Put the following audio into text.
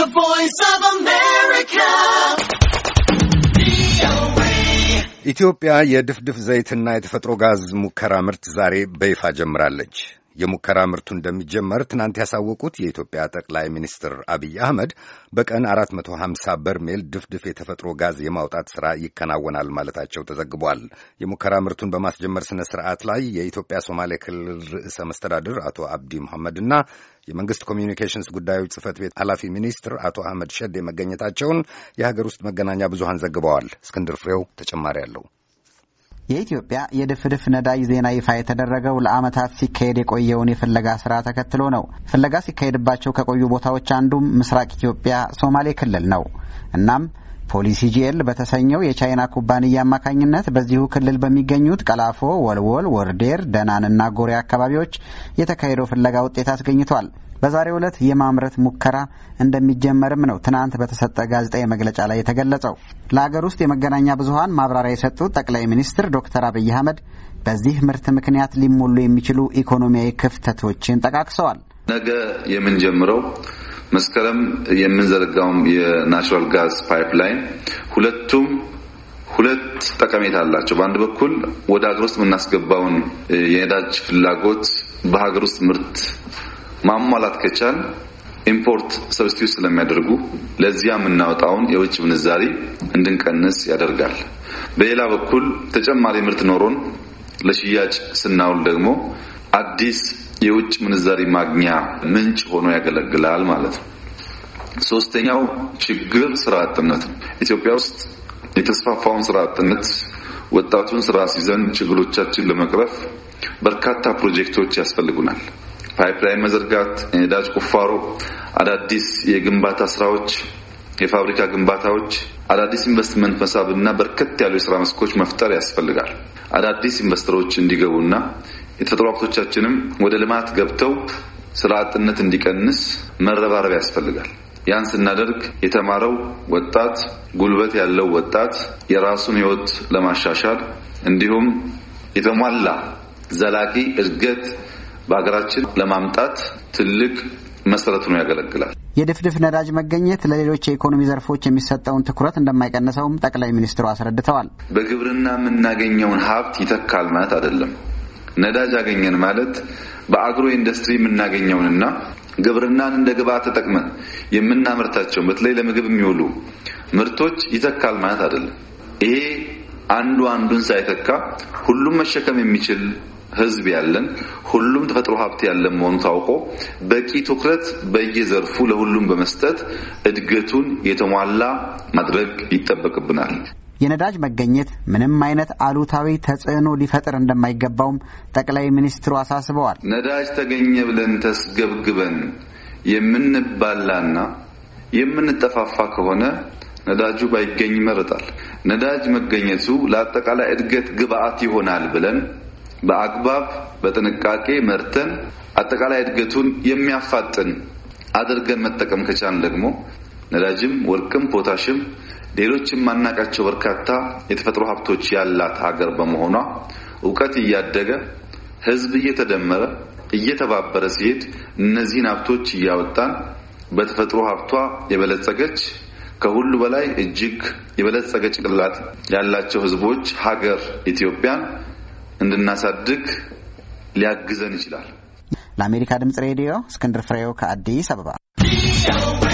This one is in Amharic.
The Voice of America. ኢትዮጵያ የድፍድፍ ዘይትና የተፈጥሮ ጋዝ ሙከራ ምርት ዛሬ በይፋ ጀምራለች። የሙከራ ምርቱ እንደሚጀመር ትናንት ያሳወቁት የኢትዮጵያ ጠቅላይ ሚኒስትር አብይ አህመድ በቀን 450 በርሜል ድፍድፍ የተፈጥሮ ጋዝ የማውጣት ሥራ ይከናወናል ማለታቸው ተዘግቧል። የሙከራ ምርቱን በማስጀመር ሥነ ሥርዓት ላይ የኢትዮጵያ ሶማሌ ክልል ርዕሰ መስተዳድር አቶ አብዲ መሐመድና የመንግስት ኮሚዩኒኬሽንስ ጉዳዮች ጽህፈት ቤት ኃላፊ ሚኒስትር አቶ አህመድ ሸዴ መገኘታቸውን የሀገር ውስጥ መገናኛ ብዙሃን ዘግበዋል። እስክንድር ፍሬው ተጨማሪ አለው። የኢትዮጵያ የድፍድፍ ነዳጅ ዜና ይፋ የተደረገው ለዓመታት ሲካሄድ የቆየውን የፍለጋ ስራ ተከትሎ ነው። ፍለጋ ሲካሄድባቸው ከቆዩ ቦታዎች አንዱም ምስራቅ ኢትዮጵያ ሶማሌ ክልል ነው። እናም ፖሊሲ ጂኤል በተሰኘው የቻይና ኩባንያ አማካኝነት በዚሁ ክልል በሚገኙት ቀላፎ፣ ወልወል፣ ወርዴር፣ ደናንና ጎሬ አካባቢዎች የተካሄደው ፍለጋ ውጤት አስገኝቷል። በዛሬው ዕለት የማምረት ሙከራ እንደሚጀመርም ነው ትናንት በተሰጠ ጋዜጣዊ መግለጫ ላይ የተገለጸው። ለአገር ውስጥ የመገናኛ ብዙኃን ማብራሪያ የሰጡት ጠቅላይ ሚኒስትር ዶክተር አብይ አህመድ በዚህ ምርት ምክንያት ሊሞሉ የሚችሉ ኢኮኖሚያዊ ክፍተቶችን ጠቃቅሰዋል። ነገ የምንጀምረው መስከረም የምንዘረጋው የናቹራል ጋዝ ፓይፕላይን ሁለቱም ሁለት ጠቀሜታ አላቸው። በአንድ በኩል ወደ ሀገር ውስጥ የምናስገባውን የነዳጅ ፍላጎት በሀገር ውስጥ ምርት ማሟላት ከቻል ኢምፖርት ሰብስቲዩት ስለሚያደርጉ ለዚያ የምናወጣውን የውጭ ምንዛሪ እንድንቀንስ ያደርጋል። በሌላ በኩል ተጨማሪ ምርት ኖሮን ለሽያጭ ስናውል ደግሞ አዲስ የውጭ ምንዛሪ ማግኛ ምንጭ ሆኖ ያገለግላል ማለት ነው። ሶስተኛው ችግር ስራ አጥነት ነው። ኢትዮጵያ ውስጥ የተስፋፋውን ስራ አጥነት ወጣቱን ስራ ሲዘን ችግሮቻችን ለመቅረፍ በርካታ ፕሮጀክቶች ያስፈልጉናል። ፓይፕላይን መዘርጋት፣ የነዳጅ ቁፋሮ፣ አዳዲስ የግንባታ ስራዎች፣ የፋብሪካ ግንባታዎች፣ አዳዲስ ኢንቨስትመንት መሳብና በርከት ያሉ የስራ መስኮች መፍጠር ያስፈልጋል። አዳዲስ ኢንቨስተሮች እንዲገቡና የተፈጥሮ ሀብቶቻችንም ወደ ልማት ገብተው ስራ አጥነት እንዲቀንስ መረባረብ ያስፈልጋል። ያን ስናደርግ የተማረው ወጣት ጉልበት ያለው ወጣት የራሱን ህይወት ለማሻሻል እንዲሁም የተሟላ ዘላቂ እድገት በሀገራችን ለማምጣት ትልቅ መሰረት ነው ያገለግላል። የድፍድፍ ነዳጅ መገኘት ለሌሎች የኢኮኖሚ ዘርፎች የሚሰጠውን ትኩረት እንደማይቀንሰውም ጠቅላይ ሚኒስትሩ አስረድተዋል። በግብርና የምናገኘውን ሀብት ይተካል ማለት አይደለም። ነዳጅ አገኘን ማለት በአግሮ ኢንዱስትሪ የምናገኘውንና ግብርናን እንደ ግብዓት ተጠቅመን የምናመርታቸው በተለይ ለምግብ የሚውሉ ምርቶች ይተካል ማለት አይደለም። ይሄ አንዱ አንዱን ሳይተካ ሁሉም መሸከም የሚችል ህዝብ ያለን ሁሉም ተፈጥሮ ሀብት ያለን መሆኑ ታውቆ በቂ ትኩረት በየዘርፉ ለሁሉም በመስጠት እድገቱን የተሟላ ማድረግ ይጠበቅብናል። የነዳጅ መገኘት ምንም አይነት አሉታዊ ተጽዕኖ ሊፈጥር እንደማይገባውም ጠቅላይ ሚኒስትሩ አሳስበዋል። ነዳጅ ተገኘ ብለን ተስገብግበን የምንባላና የምንጠፋፋ ከሆነ ነዳጁ ባይገኝ ይመረጣል። ነዳጅ መገኘቱ ለአጠቃላይ እድገት ግብአት ይሆናል ብለን በአግባብ በጥንቃቄ መርተን አጠቃላይ እድገቱን የሚያፋጥን አድርገን መጠቀም ከቻን ደግሞ ነዳጅም፣ ወርቅም፣ ፖታሽም ሌሎችም ማናቃቸው በርካታ የተፈጥሮ ሀብቶች ያላት ሀገር በመሆኗ እውቀት እያደገ ህዝብ እየተደመረ እየተባበረ ሲሄድ እነዚህን ሀብቶች እያወጣን በተፈጥሮ ሀብቷ የበለጸገች ከሁሉ በላይ እጅግ የበለጸገ ጭንቅላት ያላቸው ህዝቦች ሀገር ኢትዮጵያን እንድናሳድግ ሊያግዘን ይችላል። ለአሜሪካ ድምጽ ሬዲዮ እስክንድር ፍሬው ከአዲስ አበባ